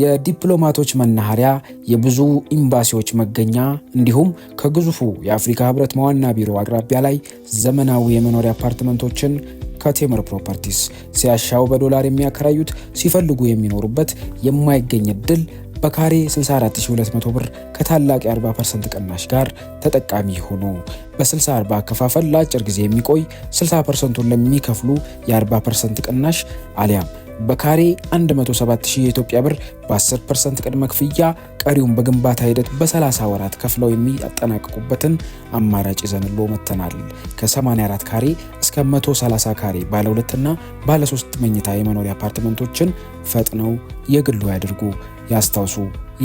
የዲፕሎማቶች መናኸሪያ፣ የብዙ ኤምባሲዎች መገኛ እንዲሁም ከግዙፉ የአፍሪካ ህብረት መዋና ቢሮ አቅራቢያ ላይ ዘመናዊ የመኖሪያ አፓርትመንቶችን ከቴምር ፕሮፐርቲስ ሲያሻው በዶላር የሚያከራዩት ሲፈልጉ የሚኖሩበት የማይገኝ እድል በካሬ 64200 ብር ከታላቅ የ40% ቅናሽ ጋር ተጠቃሚ ሆኖ በ በ60 40 አከፋፈል ለአጭር ጊዜ የሚቆይ 60 ለሚከፍሉ የ40 ቅናሽ አሊያም በካሬ 107,000 የኢትዮጵያ ብር በ10% ቅድመ ክፍያ ቀሪውን በግንባታ ሂደት በ30 ወራት ከፍለው የሚያጠናቅቁበትን አማራጭ ይዘንሎ መጥተናል። ከ84 ካሬ እስከ 130 ካሬ ባለ ሁለትና ባለ ሶስት መኝታ የመኖሪያ አፓርትመንቶችን ፈጥነው የግሉ ያድርጉ። ያስታውሱ፣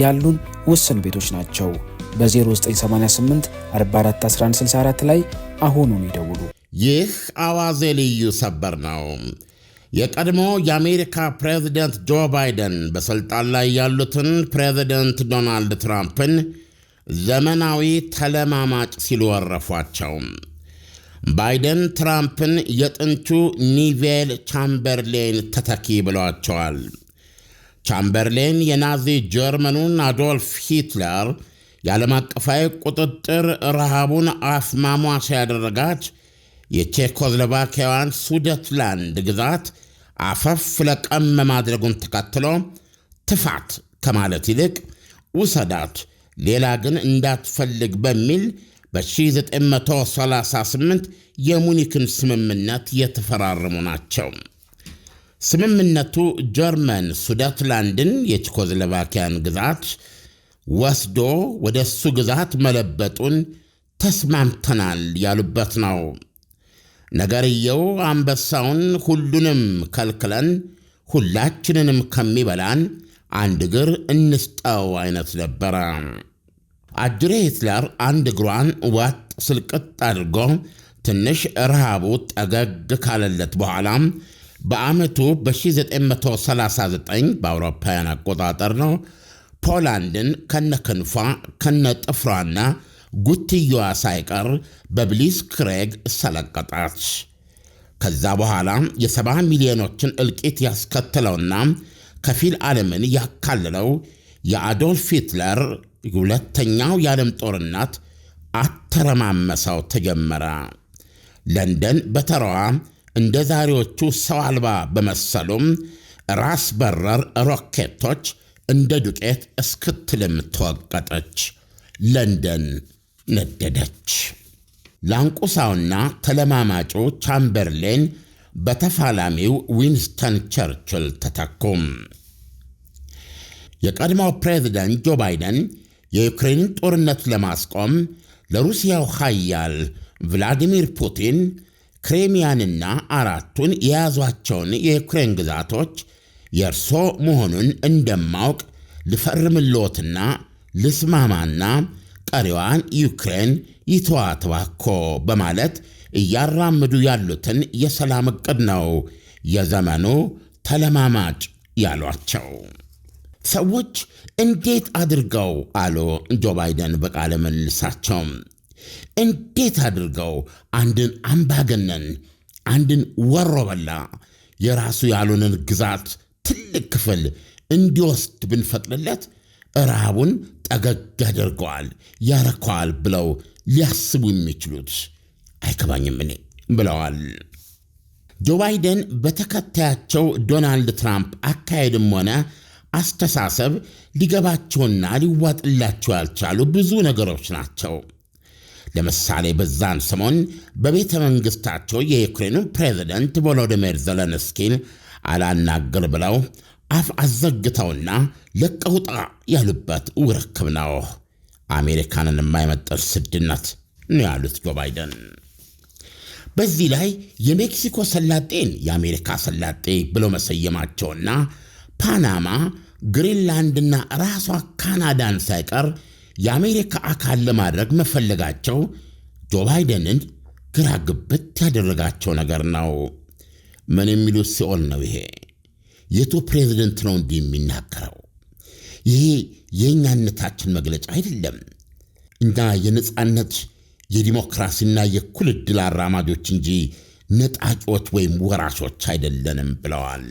ያሉን ውስን ቤቶች ናቸው። በ0988 441164 ላይ አሁኑን ይደውሉ። ይህ አዋዜ ልዩ ሰበር ነው። የቀድሞ የአሜሪካ ፕሬዚደንት ጆ ባይደን በሥልጣን ላይ ያሉትን ፕሬዚደንት ዶናልድ ትራምፕን ዘመናዊ ተለማማጭ ሲሉ ወረፏቸው። ባይደን ትራምፕን የጥንቹ ኒቬል ቻምበርሌን ተተኪ ብሏቸዋል። ቻምበርሌን የናዚ ጀርመኑን አዶልፍ ሂትለር የዓለም አቀፋዊ ቁጥጥር ረሃቡን አፍ ያደረጋች የቼኮዝሎቫኪያዋን ሱደትላንድ ግዛት አፈፍ ለቀም ማድረጉን ተከትሎ ትፋት ከማለት ይልቅ ውሰዳት፣ ሌላ ግን እንዳትፈልግ በሚል በ1938 የሙኒክን ስምምነት የተፈራረሙ ናቸው። ስምምነቱ ጀርመን ሱደትላንድን የቼኮዝሎቫኪያን ግዛት ወስዶ ወደ እሱ ግዛት መለበጡን ተስማምተናል ያሉበት ነው። ነገርየው አንበሳውን ሁሉንም ከልክለን ሁላችንንም ከሚበላን አንድ እግር እንስጠው አይነት ነበረ። አጅሬ ሂትለር አንድ እግሯን ዋጥ ስልቅጥ አድርጎ ትንሽ ረሃቡ ጠገግ ካለለት በኋላ በዓመቱ በ1939 በአውሮፓውያን አቆጣጠር ነው ፖላንድን ከነ ክንፏ ከነ ጥፍሯና ጉትዮዋ ሳይቀር በብሊስ ክሬግ ሰለቀጣች። ከዛ በኋላ የሰባ ሚሊዮኖችን እልቂት ያስከተለውና ከፊል ዓለምን ያካልለው የአዶልፍ ሂትለር ሁለተኛው የዓለም ጦርነት አተረማመሰው ተጀመረ። ለንደን በተራዋ እንደ ዛሬዎቹ ሰው አልባ በመሰሉም ራስ በረር ሮኬቶች እንደ ዱቄት እስክትልም ተወቀጠች ለንደን ነደደች። ላንቁሳውና ተለማማጩ ቻምበርሌን በተፋላሚው ዊንስተን ቸርችል ተተኩም። የቀድሞው ፕሬዚደንት ጆ ባይደን የዩክሬንን ጦርነት ለማስቆም ለሩሲያው ኃያል ቭላዲሚር ፑቲን ክሬሚያንና አራቱን የያዟቸውን የዩክሬን ግዛቶች የእርሶ መሆኑን እንደማውቅ ልፈርምልዎትና ልስማማና ቀሪዋን ዩክሬን ይተዋ በማለት እያራምዱ ያሉትን የሰላም ዕቅድ ነው የዘመኑ ተለማማጭ ያሏቸው። ሰዎች እንዴት አድርገው አሉ ጆ ባይደን በቃለ መልሳቸው፣ እንዴት አድርገው አንድን አምባገነን አንድን ወሮበላ የራሱ ያሉንን ግዛት ትልቅ ክፍል እንዲወስድ ብንፈቅድለት ረሃቡን ጠገግ ያደርገዋል፣ ያረከዋል ብለው ሊያስቡ የሚችሉት አይከባኝም እኔ ብለዋል። ጆ ባይደን በተከታያቸው ዶናልድ ትራምፕ አካሄድም ሆነ አስተሳሰብ ሊገባቸውና ሊዋጥላቸው ያልቻሉ ብዙ ነገሮች ናቸው። ለምሳሌ በዛን ሰሞን በቤተ መንግሥታቸው የዩክሬኑ ፕሬዚደንት ቮሎዲሚር ዘለንስኪን አላናግር ብለው አፍ አዘግተውና ለቀውጣ ያሉበት ውርክብ ነው። አሜሪካንን የማይመጠር ስድነት ነው ያሉት ጆ ባይደን። በዚህ ላይ የሜክሲኮ ሰላጤን የአሜሪካ ሰላጤ ብሎ መሰየማቸውና ፓናማ፣ ግሪንላንድና ራሷ ካናዳን ሳይቀር የአሜሪካ አካል ለማድረግ መፈለጋቸው ጆ ባይደንን ግራ ግብት ያደረጋቸው ነገር ነው። ምን የሚሉት ሲኦል ነው ይሄ? የቱ ፕሬዚደንት ነው እንዲህ የሚናገረው? ይሄ የእኛነታችን መግለጫ አይደለም። እኛ የነፃነት የዲሞክራሲና የእኩል ዕድል አራማጆች እንጂ ነጣቂዎች ወይም ወራሾች አይደለንም ብለዋል።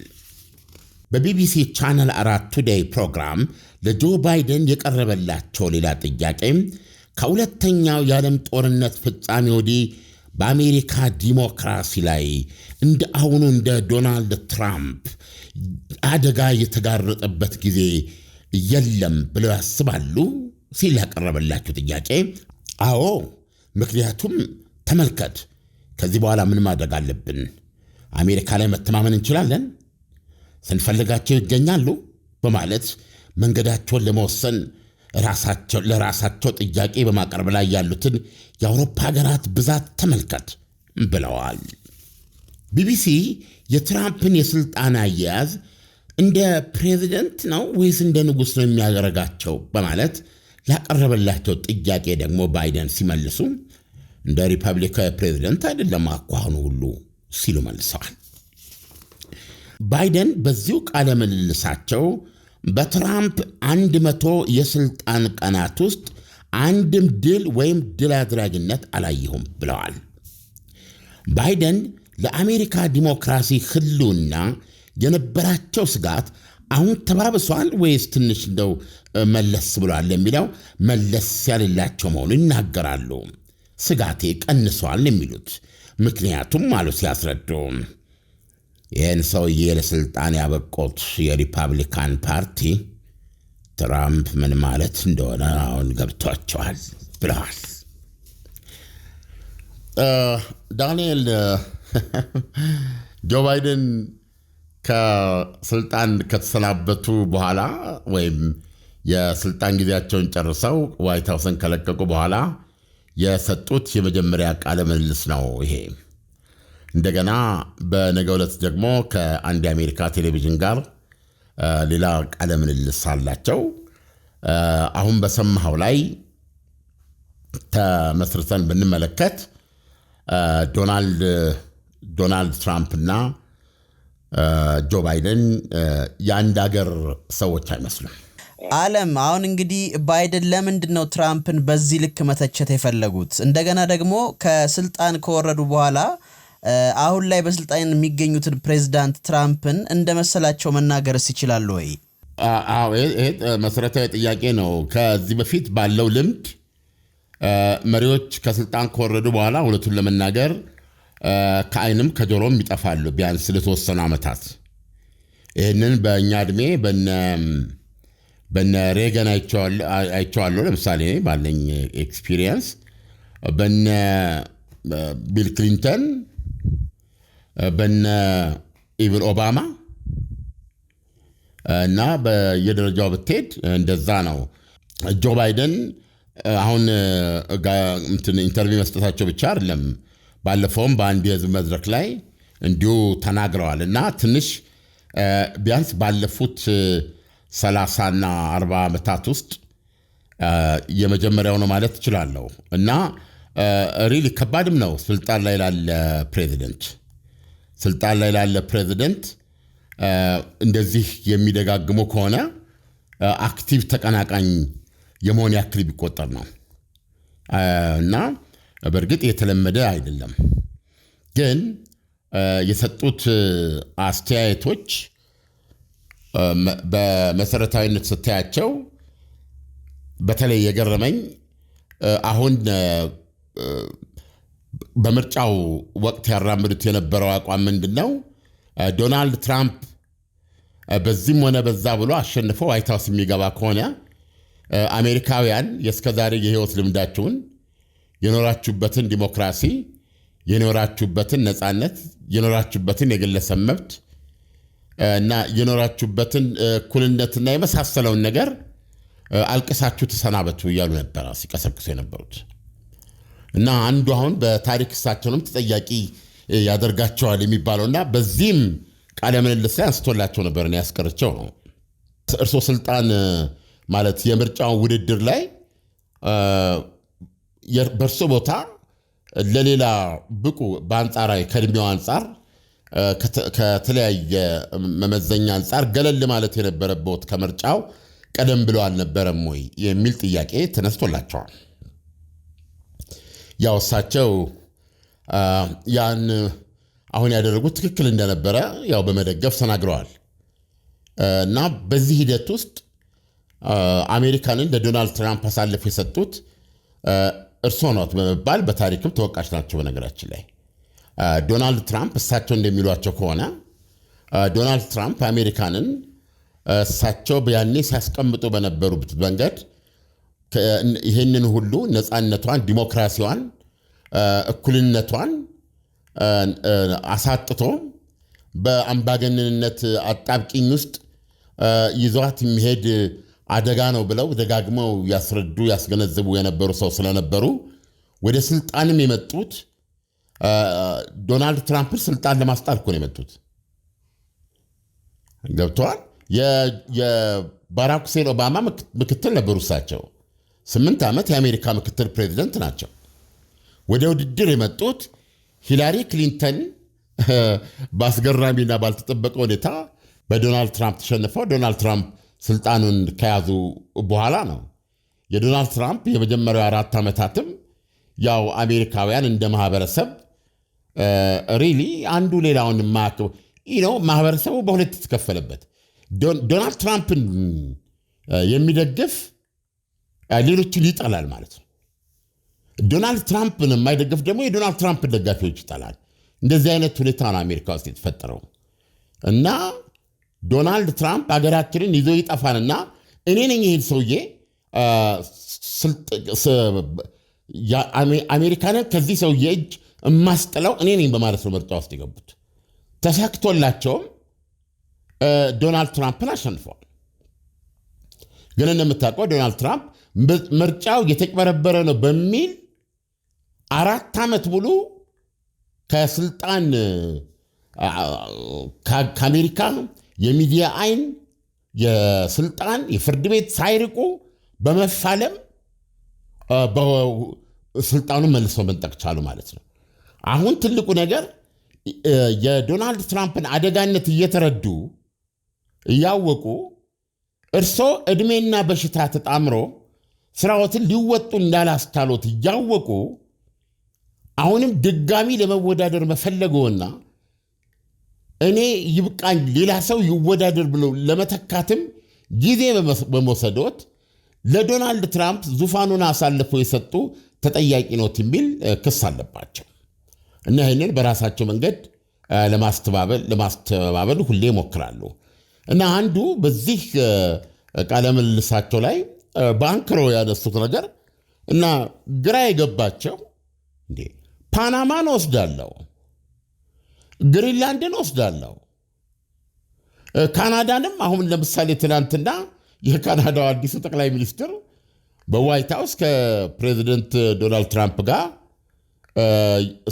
በቢቢሲ ቻናል አራት ቱዴይ ፕሮግራም ለጆ ባይደን የቀረበላቸው ሌላ ጥያቄም ከሁለተኛው የዓለም ጦርነት ፍጻሜ ወዲህ በአሜሪካ ዲሞክራሲ ላይ እንደ አሁኑ እንደ ዶናልድ ትራምፕ አደጋ የተጋረጠበት ጊዜ የለም ብለው ያስባሉ ሲል ያቀረበላችሁ ጥያቄ አዎ። ምክንያቱም ተመልከት፣ ከዚህ በኋላ ምን ማድረግ አለብን? አሜሪካ ላይ መተማመን እንችላለን፣ ስንፈልጋቸው ይገኛሉ በማለት መንገዳቸውን ለመወሰን ለራሳቸው ጥያቄ በማቅረብ ላይ ያሉትን የአውሮፓ ሀገራት ብዛት ተመልከት ብለዋል። ቢቢሲ የትራምፕን የሥልጣን አያያዝ እንደ ፕሬዚደንት ነው ወይስ እንደ ንጉሥ ነው የሚያደርጋቸው በማለት ላቀረበላቸው ጥያቄ ደግሞ ባይደን ሲመልሱ እንደ ሪፐብሊካዊ ፕሬዚደንት አይደለም አኳኑ ሁሉ ሲሉ መልሰዋል። ባይደን በዚሁ ቃለ ምልልሳቸው በትራምፕ አንድ መቶ የስልጣን ቀናት ውስጥ አንድም ድል ወይም ድል አድራጊነት አላየሁም ብለዋል። ባይደን ለአሜሪካ ዲሞክራሲ ህልውና የነበራቸው ስጋት አሁን ተባብሷል ወይስ ትንሽ እንደው መለስ ብሏል የሚለው መለስ ያሌላቸው መሆኑ ይናገራሉ። ስጋቴ ቀንሷል የሚሉት ምክንያቱም አሉ ሲያስረዱ ይህን ሰውዬ ለስልጣን ያበቆት የሪፐብሊካን ፓርቲ ትራምፕ ምን ማለት እንደሆነ አሁን ገብቷቸዋል ብለዋል። ዳንኤል ጆ ባይደን ከስልጣን ከተሰናበቱ በኋላ ወይም የስልጣን ጊዜያቸውን ጨርሰው ዋይት ሀውስን ከለቀቁ በኋላ የሰጡት የመጀመሪያ ቃለ ምልልስ ነው ይሄ። እንደገና በነገ ዕለት ደግሞ ከአንድ የአሜሪካ ቴሌቪዥን ጋር ሌላ ቃለ ምልልስ አላቸው። አሁን በሰማኸው ላይ ተመስርተን ብንመለከት ዶናልድ ትራምፕ እና ጆ ባይደን የአንድ ሀገር ሰዎች አይመስሉም። አለም አሁን እንግዲህ ባይደን ለምንድን ነው ትራምፕን በዚህ ልክ መተቸት የፈለጉት? እንደገና ደግሞ ከስልጣን ከወረዱ በኋላ አሁን ላይ በስልጣን የሚገኙትን ፕሬዚዳንት ትራምፕን እንደመሰላቸው መናገርስ ይችላሉ ወይ? ይሄ መሰረታዊ ጥያቄ ነው። ከዚህ በፊት ባለው ልምድ መሪዎች ከስልጣን ከወረዱ በኋላ እውነቱን ለመናገር ከአይንም ከጆሮም ይጠፋሉ፣ ቢያንስ ለተወሰኑ ዓመታት። ይህንን በእኛ ዕድሜ በነ ሬገን አይቼዋለሁ። ለምሳሌ ባለኝ ኤክስፒሪየንስ በነ ቢል ክሊንተን በነ ኢቭን ኦባማ እና በየደረጃው ብትሄድ እንደዛ ነው። ጆ ባይደን አሁን ኢንተርቪው መስጠታቸው ብቻ አይደለም፣ ባለፈውም በአንድ የህዝብ መድረክ ላይ እንዲሁ ተናግረዋል እና ትንሽ ቢያንስ ባለፉት 30 እና 40 ዓመታት ውስጥ የመጀመሪያው ነው ማለት እችላለሁ እና ሪሊ ከባድም ነው ስልጣን ላይ ላለ ፕሬዚደንት ስልጣን ላይ ላለ ፕሬዚደንት እንደዚህ የሚደጋግመው ከሆነ አክቲቭ ተቀናቃኝ የመሆን ያክል ቢቆጠር ነው እና በእርግጥ የተለመደ አይደለም። ግን የሰጡት አስተያየቶች በመሰረታዊነት ስታያቸው በተለይ የገረመኝ አሁን በምርጫው ወቅት ያራምዱት የነበረው አቋም ምንድን ነው? ዶናልድ ትራምፕ በዚህም ሆነ በዛ ብሎ አሸንፎ ዋይት ሀውስ የሚገባ ከሆነ አሜሪካውያን የእስከዛሬ የህይወት ልምዳችሁን የኖራችሁበትን ዲሞክራሲ የኖራችሁበትን ነፃነት የኖራችሁበትን የግለሰብ መብት እና የኖራችሁበትን እኩልነትና የመሳሰለውን ነገር አልቅሳችሁ ተሰናበቱ እያሉ ነበረ ሲቀሰቅሱ የነበሩት። እና አንዱ አሁን በታሪክ እሳቸውንም ተጠያቂ ያደርጋቸዋል የሚባለው እና በዚህም ቃለ ምልልስ ላይ አንስቶላቸው ነበር። እኔ ያስቀርቸው ነው እርሶ ስልጣን ማለት የምርጫውን ውድድር ላይ በእርሶ ቦታ ለሌላ ብቁ በአንጻራዊ ከእድሜው አንጻር ከተለያየ መመዘኛ አንጻር ገለል ማለት የነበረበት ከምርጫው ቀደም ብሎ አልነበረም ወይ የሚል ጥያቄ ተነስቶላቸዋል። ያው እሳቸው ያን አሁን ያደረጉት ትክክል እንደነበረ ያው በመደገፍ ተናግረዋል እና በዚህ ሂደት ውስጥ አሜሪካንን ለዶናልድ ትራምፕ አሳልፎ የሰጡት እርስዎ ኖት በመባል በታሪክም ተወቃሽ ናቸው። በነገራችን ላይ ዶናልድ ትራምፕ እሳቸው እንደሚሏቸው ከሆነ ዶናልድ ትራምፕ አሜሪካንን እሳቸው ያኔ ሲያስቀምጡ በነበሩበት መንገድ ይህንን ሁሉ ነፃነቷን፣ ዲሞክራሲዋን፣ እኩልነቷን አሳጥቶ በአምባገነንነት አጣብቂኝ ውስጥ ይዟት የሚሄድ አደጋ ነው ብለው ደጋግመው ያስረዱ ያስገነዝቡ የነበሩ ሰው ስለነበሩ ወደ ስልጣንም የመጡት ዶናልድ ትራምፕን ስልጣን ለማስጣል እኮ ነው የመጡት። ገብተዋል። የባራክ ሁሴን ኦባማ ምክትል ነበሩ እሳቸው። ስምንት ዓመት የአሜሪካ ምክትል ፕሬዚደንት ናቸው። ወደ ውድድር የመጡት ሂላሪ ክሊንተን በአስገራሚና ባልተጠበቀ ሁኔታ በዶናልድ ትራምፕ ተሸንፈው ዶናልድ ትራምፕ ስልጣኑን ከያዙ በኋላ ነው። የዶናልድ ትራምፕ የመጀመሪያው አራት ዓመታትም ያው አሜሪካውያን እንደ ማህበረሰብ ሪሊ አንዱ ሌላውን ነው ማህበረሰቡ በሁለት የተከፈለበት ዶናልድ ትራምፕን የሚደግፍ ሌሎችን ይጠላል ማለት ነው። ዶናልድ ትራምፕን የማይደግፍ ደግሞ የዶናልድ ትራምፕ ደጋፊዎች ይጠላል። እንደዚህ አይነት ሁኔታ ነው አሜሪካ ውስጥ የተፈጠረው እና ዶናልድ ትራምፕ ሀገራችንን ይዞ ይጠፋንና እኔ ነኝ ይሄን ሰውዬ አሜሪካንን ከዚህ ሰውዬ እጅ የማስጥለው እኔ ነኝ በማለት ነው ምርጫ ውስጥ የገቡት። ተሳክቶላቸውም ዶናልድ ትራምፕን አሸንፈዋል። ግን እንደምታውቀው ዶናልድ ትራምፕ ምርጫው የተጭበረበረ ነው በሚል አራት ዓመት ሙሉ ከስልጣን ከአሜሪካ የሚዲያ አይን የስልጣን የፍርድ ቤት ሳይርቁ በመፋለም ስልጣኑን መልሶ መንጠቅ ቻሉ ማለት ነው። አሁን ትልቁ ነገር የዶናልድ ትራምፕን አደጋነት እየተረዱ እያወቁ እርሶ ዕድሜና በሽታ ተጣምሮ ስራዎትን ሊወጡ እንዳላስቻሎት እያወቁ አሁንም ድጋሚ ለመወዳደር መፈለገውና እኔ ይብቃኝ ሌላ ሰው ይወዳደር ብለው ለመተካትም ጊዜ በመውሰዶት ለዶናልድ ትራምፕ ዙፋኑን አሳልፈው የሰጡ ተጠያቂ ኖት የሚል ክስ አለባቸው እና ይህንን በራሳቸው መንገድ ለማስተባበል ሁሌ ይሞክራሉ እና አንዱ በዚህ ቃለ ምልልሳቸው ላይ ባንክሮ ያነሱት ነገር እና ግራ የገባቸው እንዴ ፓናማን ወስዳለው፣ ግሪንላንድን ወስዳለው፣ ካናዳንም አሁን ለምሳሌ ትናንትና የካናዳው አዲሱ ጠቅላይ ሚኒስትር በዋይት ሀውስ ከፕሬዚደንት ዶናልድ ትራምፕ ጋር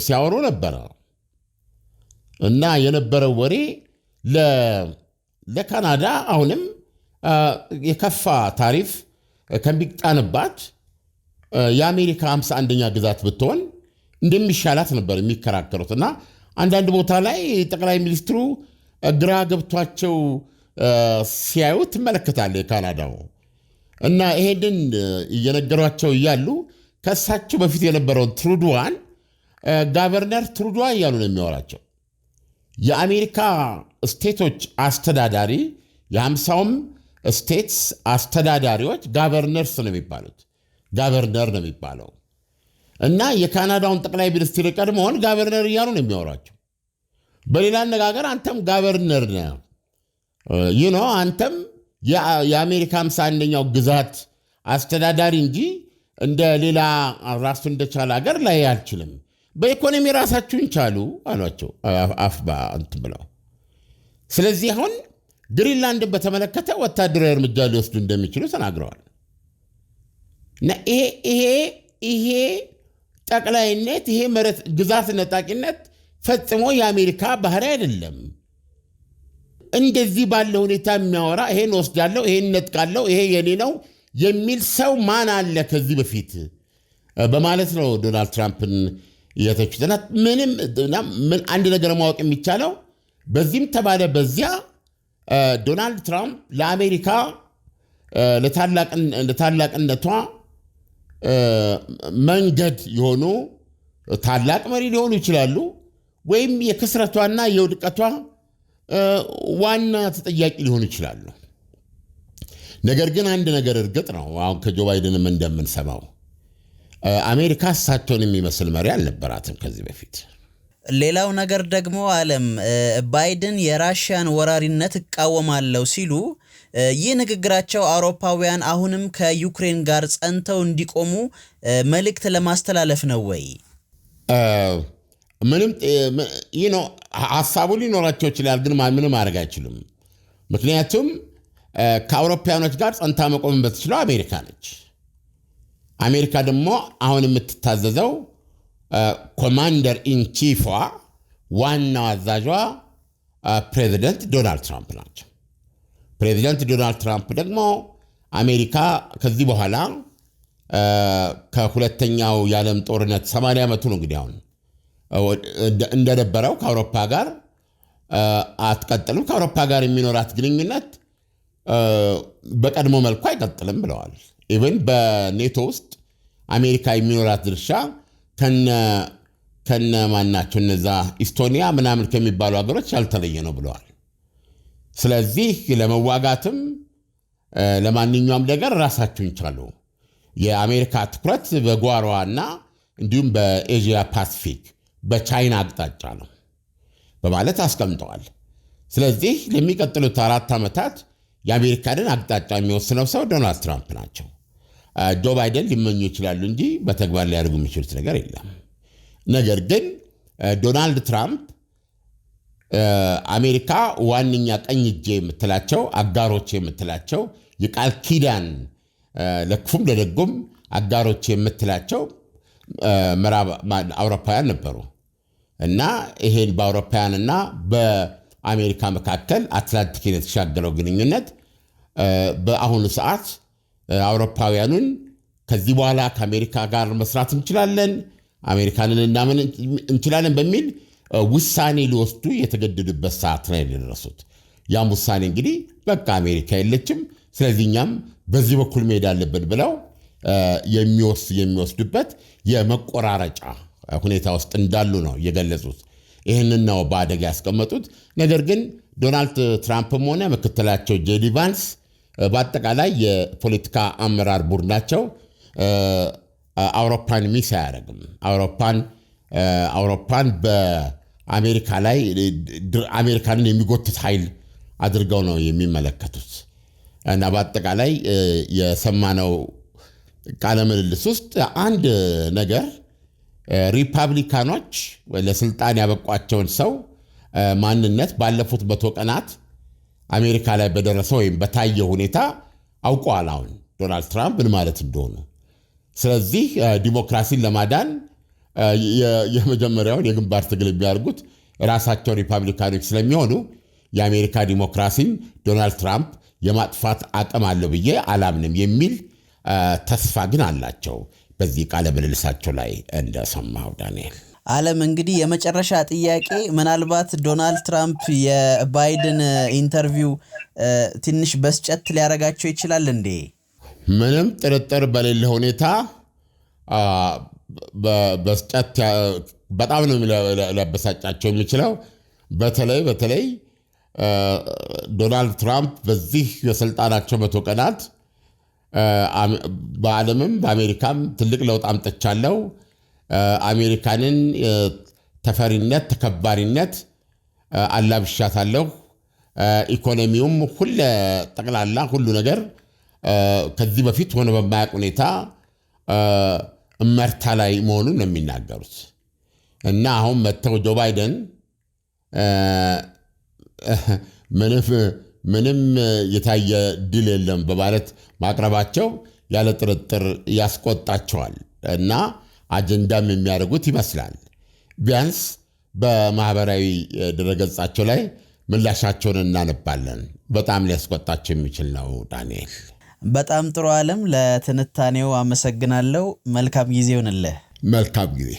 ሲያወሩ ነበረ እና የነበረው ወሬ ለካናዳ አሁንም የከፋ ታሪፍ ከሚጣልባት የአሜሪካ ሃምሳ አንደኛ ግዛት ብትሆን እንደሚሻላት ነበር የሚከራከሩት እና አንዳንድ ቦታ ላይ ጠቅላይ ሚኒስትሩ ግራ ገብቷቸው ሲያዩ ትመለከታለ የካናዳው እና ይሄንን እየነገሯቸው እያሉ ከእሳቸው በፊት የነበረውን ትሩድዋን ጋቨርነር ትሩድዋ እያሉ ነው የሚወራቸው። የአሜሪካ ስቴቶች አስተዳዳሪ የሃምሳውም ስቴትስ አስተዳዳሪዎች ጋቨርነርስ ነው የሚባሉት። ጋቨርነር ነው የሚባለው እና የካናዳውን ጠቅላይ ሚኒስትር ቀድመውን ጋቨርነር እያሉ ነው የሚያወራቸው። በሌላ አነጋገር አንተም ጋቨርነር ነህ ይኖ አንተም የአሜሪካ ሃምሳ አንደኛው ግዛት አስተዳዳሪ እንጂ እንደ ሌላ ራሱ እንደቻለ ሀገር ላይ አልችልም። በኢኮኖሚ ራሳችሁን ቻሉ አሏቸው አፍባ እንትን ብለው ስለዚህ አሁን ግሪንላንድን በተመለከተ ወታደራዊ እርምጃ ሊወስዱ እንደሚችሉ ተናግረዋል። እና ይሄ ጠቅላይነት ይሄ መሬት ግዛት ነጣቂነት ፈጽሞ የአሜሪካ ባህሪ አይደለም። እንደዚህ ባለ ሁኔታ የሚያወራ ይሄን ወስዳለሁ፣ ይሄን ነጥቃለሁ፣ ይሄ የኔ ነው የሚል ሰው ማን አለ ከዚህ በፊት በማለት ነው ዶናልድ ትራምፕን የተቹትና ምንም አንድ ነገር ማወቅ የሚቻለው በዚህም ተባለ በዚያ ዶናልድ ትራምፕ ለአሜሪካ ለታላቅነቷ መንገድ የሆኑ ታላቅ መሪ ሊሆኑ ይችላሉ፣ ወይም የክስረቷና የውድቀቷ ዋና ተጠያቂ ሊሆኑ ይችላሉ። ነገር ግን አንድ ነገር እርግጥ ነው። አሁን ከጆ ባይደንም እንደምንሰማው አሜሪካ እሳቸውን የሚመስል መሪ አልነበራትም ከዚህ በፊት። ሌላው ነገር ደግሞ አለም ባይደን የራሽያን ወራሪነት እቃወማለሁ ሲሉ ይህ ንግግራቸው አውሮፓውያን አሁንም ከዩክሬን ጋር ጸንተው እንዲቆሙ መልእክት ለማስተላለፍ ነው ወይ? ምንም ሀሳቡ ሊኖራቸው ይችላል፣ ግን ምንም አድረግ አይችልም። ምክንያቱም ከአውሮፓውያኖች ጋር ጸንታ መቆም በትችለው አሜሪካ ነች። አሜሪካ ደግሞ አሁን የምትታዘዘው ኮማንደር ኢንቺፏ ዋናው አዛዧ ፕሬዚደንት ዶናልድ ትራምፕ ናቸው። ፕሬዚደንት ዶናልድ ትራምፕ ደግሞ አሜሪካ ከዚህ በኋላ ከሁለተኛው የዓለም ጦርነት 80 ዓመቱ ነው እንግዲህ አሁን እንደነበረው ከአውሮፓ ጋር አትቀጥልም። ከአውሮፓ ጋር የሚኖራት ግንኙነት በቀድሞ መልኩ አይቀጥልም ብለዋል። ኢቨን በኔቶ ውስጥ አሜሪካ የሚኖራት ድርሻ ከነ ማናቸው እነዛ ኢስቶኒያ ምናምን ከሚባሉ ሀገሮች ያልተለየ ነው ብለዋል። ስለዚህ ለመዋጋትም ለማንኛውም ነገር ራሳችሁን ቻሉ። የአሜሪካ ትኩረት በጓሯ እና እንዲሁም በኤዥያ ፓሲፊክ በቻይና አቅጣጫ ነው በማለት አስቀምጠዋል። ስለዚህ ለሚቀጥሉት አራት ዓመታት የአሜሪካንን አቅጣጫ የሚወስነው ሰው ዶናልድ ትራምፕ ናቸው። ጆ ባይደን ሊመኙ ይችላሉ እንጂ በተግባር ሊያደርጉ የሚችሉት ነገር የለም። ነገር ግን ዶናልድ ትራምፕ አሜሪካ ዋነኛ ቀኝ እጄ የምትላቸው አጋሮች የምትላቸው የቃል ኪዳን ለክፉም ለደጉም አጋሮች የምትላቸው አውሮፓውያን ነበሩ እና ይሄን በአውሮፓውያንና በአሜሪካ መካከል አትላንቲክ የተሻገረው ግንኙነት በአሁኑ ሰዓት አውሮፓውያኑን ከዚህ በኋላ ከአሜሪካ ጋር መስራት እንችላለን፣ አሜሪካንን እናምን እንችላለን በሚል ውሳኔ ሊወስዱ የተገደዱበት ሰዓት ነው የደረሱት። ያም ውሳኔ እንግዲህ በቃ አሜሪካ የለችም፣ ስለዚህ እኛም በዚህ በኩል መሄድ አለብን ብለው የሚወስዱበት የመቆራረጫ ሁኔታ ውስጥ እንዳሉ ነው የገለጹት። ይህንን ነው በአደጋ ያስቀመጡት። ነገር ግን ዶናልድ ትራምፕም ሆነ ምክትላቸው ጄዲ ቫንስ በአጠቃላይ የፖለቲካ አመራር ቡድናቸው አውሮፓን ሚስ አያደርግም። አውሮፓን አውሮፓን በአሜሪካ ላይ አሜሪካንን የሚጎትት ኃይል አድርገው ነው የሚመለከቱት እና በአጠቃላይ የሰማነው ቃለ ምልልስ ውስጥ አንድ ነገር ሪፐብሊካኖች ለስልጣን ያበቋቸውን ሰው ማንነት ባለፉት መቶ ቀናት አሜሪካ ላይ በደረሰ ወይም በታየ ሁኔታ አውቀዋል አሁን ዶናልድ ትራምፕ ምን ማለት እንደሆኑ ስለዚህ ዲሞክራሲን ለማዳን የመጀመሪያውን የግንባር ትግል የሚያደርጉት ራሳቸው ሪፐብሊካኖች ስለሚሆኑ የአሜሪካ ዲሞክራሲን ዶናልድ ትራምፕ የማጥፋት አቅም አለው ብዬ አላምንም የሚል ተስፋ ግን አላቸው። በዚህ ቃለ ምልልሳቸው ላይ እንደሰማው ዳንኤል አለም እንግዲህ የመጨረሻ ጥያቄ ምናልባት ዶናልድ ትራምፕ የባይድን ኢንተርቪው ትንሽ በስጨት ሊያደርጋቸው ይችላል እንዴ? ምንም ጥርጥር በሌለ ሁኔታ በስጨት በጣም ነው ሊያበሳጫቸው የሚችለው። በተለይ በተለይ ዶናልድ ትራምፕ በዚህ የስልጣናቸው መቶ ቀናት በዓለምም በአሜሪካም ትልቅ ለውጥ አምጥቻለሁ አሜሪካንን ተፈሪነት፣ ተከባሪነት አላብሻታለሁ። ኢኮኖሚውም ሁለ ጠቅላላ ሁሉ ነገር ከዚህ በፊት ሆነ በማያውቅ ሁኔታ እመርታ ላይ መሆኑን ነው የሚናገሩት እና አሁን መጥተው ጆ ባይደን ምንም የታየ ድል የለም በማለት ማቅረባቸው ያለ ጥርጥር ያስቆጣቸዋል እና አጀንዳም የሚያደርጉት ይመስላል። ቢያንስ በማህበራዊ ድረገጻቸው ላይ ምላሻቸውን እናነባለን። በጣም ሊያስቆጣቸው የሚችል ነው። ዳንኤል በጣም ጥሩ ዓለም፣ ለትንታኔው አመሰግናለሁ። መልካም ጊዜ ይሁንልህ። መልካም ጊዜ።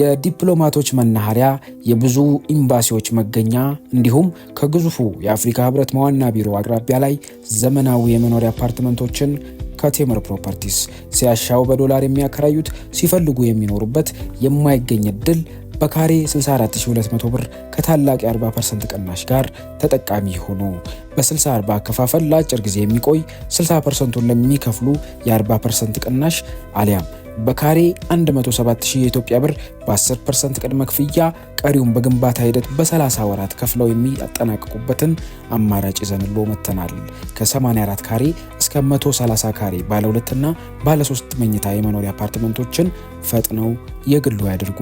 የዲፕሎማቶች መናኸሪያ፣ የብዙ ኤምባሲዎች መገኛ እንዲሁም ከግዙፉ የአፍሪካ ህብረት መዋና ቢሮ አቅራቢያ ላይ ዘመናዊ የመኖሪያ አፓርትመንቶችን ከቴምር ፕሮፐርቲስ ሲያሻው በዶላር የሚያከራዩት ሲፈልጉ የሚኖሩበት የማይገኝ እድል በካሬ 64200 ብር ከታላቅ የ40% ቅናሽ ጋር ተጠቃሚ ሆኖ በ በ60/40 አከፋፈል ለአጭር ጊዜ የሚቆይ 60%ን ለሚከፍሉ የ40% ቅናሽ አሊያም በካሬ 107000 የኢትዮጵያ ብር በ10% ቅድመ ክፍያ ቀሪውን በግንባታ ሂደት በ30 ወራት ከፍለው የሚያጠናቅቁበትን አማራጭ ይዘንሎ መጥተናል። ከ84 ካሬ እስከ 130 ካሬ ባለ ሁለትና ባለ ሶስት መኝታ የመኖሪያ አፓርትመንቶችን ፈጥነው የግሉ ያድርጉ።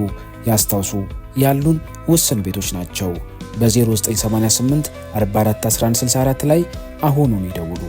ያስታውሱ፣ ያሉን ውስን ቤቶች ናቸው። በ0988 441164 ላይ አሁኑን ይደውሉ።